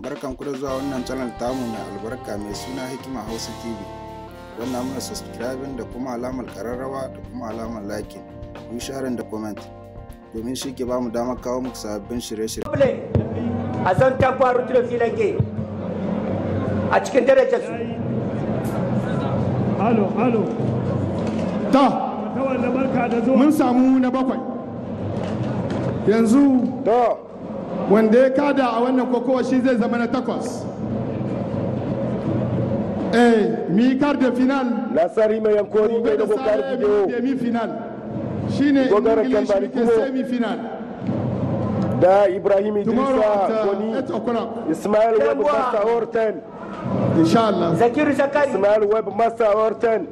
barkan ku da zuwa wannan channel tamu na albarka mai suna hikima hausa tv wannan muna subscribing da kuma alamar kararrawa da kuma alamar liking ku yi sharing da comment domin shi ke bamu damar kawo muku sababbin shirye-shirye a zan takwa rutunan ke a cikin darajar su halo halo ta mun samu na bakwai yanzu to wanda ya kada a wannan kokowa shi zai zama na takwas eh mi kar de final nasari mai yankori mai da kokar bidiyo mi final shine ingilishi ke semi final da ibrahim idrisa goni ismail web master horten inshallah zakir zakari ismail web master horten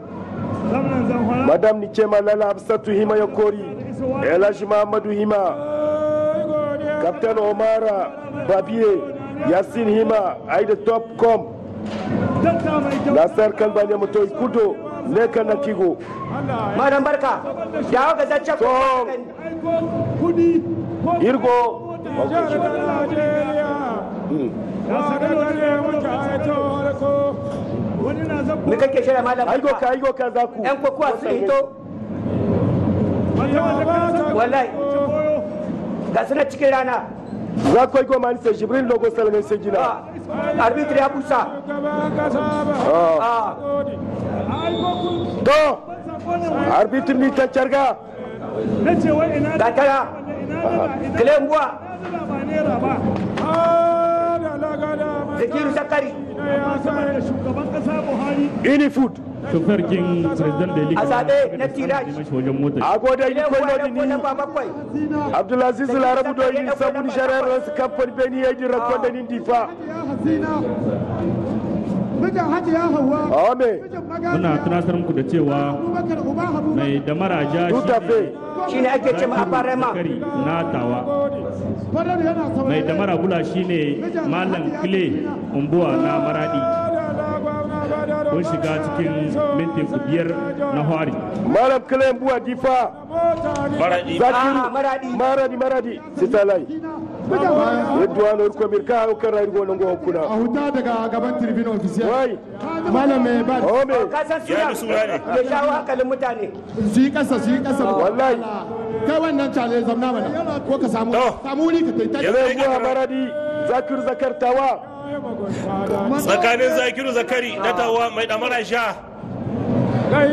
madam nice malala absatu hima yankori elashi mahamadu hima Captain Omara Babier, yasin Hima, Aida Mutoi Kudo, Leka Nakigo. Barka, da haka zacce kudi. Irgo. Ni kake shirya malam. Aigo ka aigo ka Yan hito. Wallahi. ga su na cikin rana za ku ko mani sai jibril logo salgan sai gina ah, arbitri ya busa ah. to arbitri ni ta carga ga tara kilembuwa zikiru zakari ini food tufarkin president da Likita, a zaɓe na wajen tiraj a godon ikononi ni abdulaziz larabu doyi sabon shari'ar su kamfan beni ya jira kwadanin difa Ame. Muna tunasar muku da cewa mai damara ja shi ne ake cewa abarema na tawa. Mai damara bula shi ne Malam Kile Umbuwa na Maradi. kun shiga cikin minti biyar na hari malam kilayen buwa difa maradi maradi maradi sitalai yadda wani mirka kan rayu gona kuna a huta daga gaban wai malam mai ba oh, kasan ya shawo hankalin mutane su yi kasa su yi kasa wallahi kai wannan challenge zamna mana ko ka samu samu ka taita maradi zakir zakartawa tsakanin zakiru zakari na tawa mai damara sha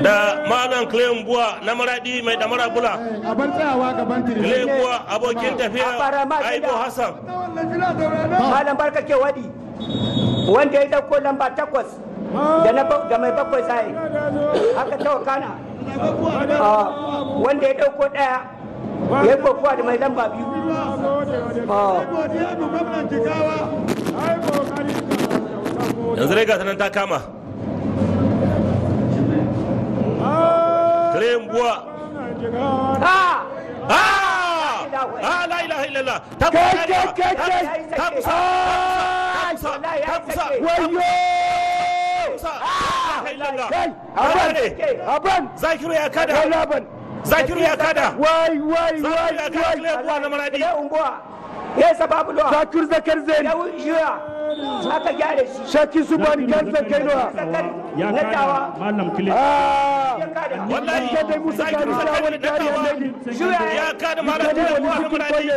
da malam claim buwa na maradi mai damara bula claim buwa abokin tafiya aibo hassan malam barka ke wadi wanda ya dauko lamba takwas da mai bakwai sai haka tawa kana ah, wanda ya dauko daya ya yi da mai lamba biyu ah. yanzu dai gasa nan ta kama Karen buwa. Ha! La ilaha Ta kusa. Ta kusa. Ta kusa. Ta kusa. Wayo! Ta kusa. Ah! ya kada. Laban. zakiru ya kada wai wai wai wai na maradi da unguwa ya sababu lo zakiru zakar zeri ya wuya aka gyare shi shaki su ban kan zakai lo ya kada malam kile wallahi zakiru zakar wani dattawa ya kada malam kile na maradi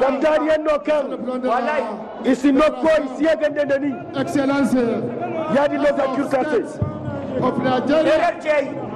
Damdarien Nokel, ici Noko, ici Agendendeni. Excellence. Yadi Lozakur Kassé. Opérateur.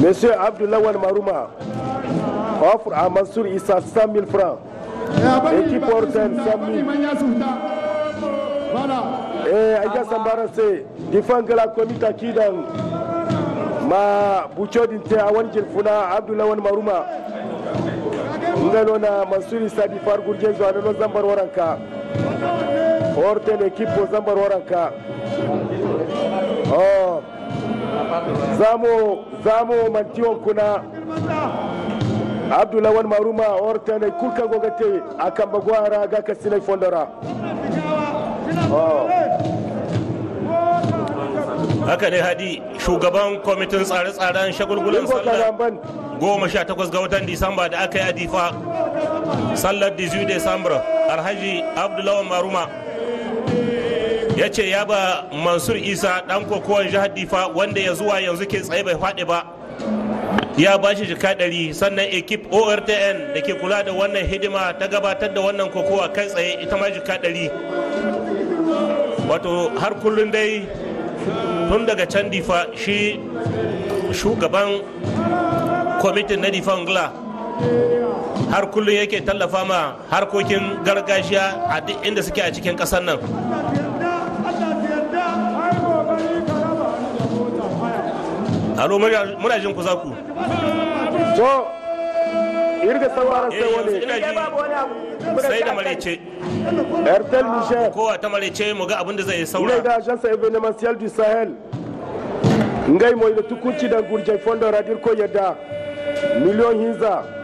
Monsieur Abdoulaye Marouma offre à Mansour Issa 100 000 francs et qui porte 100 000. Et Aïda Sambarase, défend que la commune Kidan, ma Bouchodinte Awan Jelfuna, Abdoulaye Marouma, Ngalona Mansour Issa Difar Gourgen Zouanano Zambar Waranka, Orte l'équipe au Zambar Waranka. Oh. zamo mantiwon kuna Abdullawan maruma ortane kulka gogate kan bagwara ga kasinai fondara haka ne hadi shugaban kwamitin tsare-tsaren shagulgulan sallar goma sha takwas ga watan disamba da aka yi adifa sallar 18 desambra alhaji abdullawan maruma ya ce ya ba mansur isa dan kokowar jihar difa wanda ya zuwa yanzu ke tsaye bai faɗi ba ya ba shi jika ɗari sannan ekip ortn da ke kula da wannan hidima ta gabatar da wannan kokowa kai tsaye ita ma jika ɗari wato har kullum dai tun daga can difa shi shugaban kwamitin na difan ngla har kullum yake tallafa ma harkokin gargajiya a duk inda suke a cikin ƙasar nan alo muna jin ku za ku to irga sauraron eh, sai wani sai da marece ertel michel ah, kowa ta marece mu ga abin da zai saura ne da agence evenementiel du sahel ngai moy da tukunci da gurje fondo radir ko yadda miliyon hinza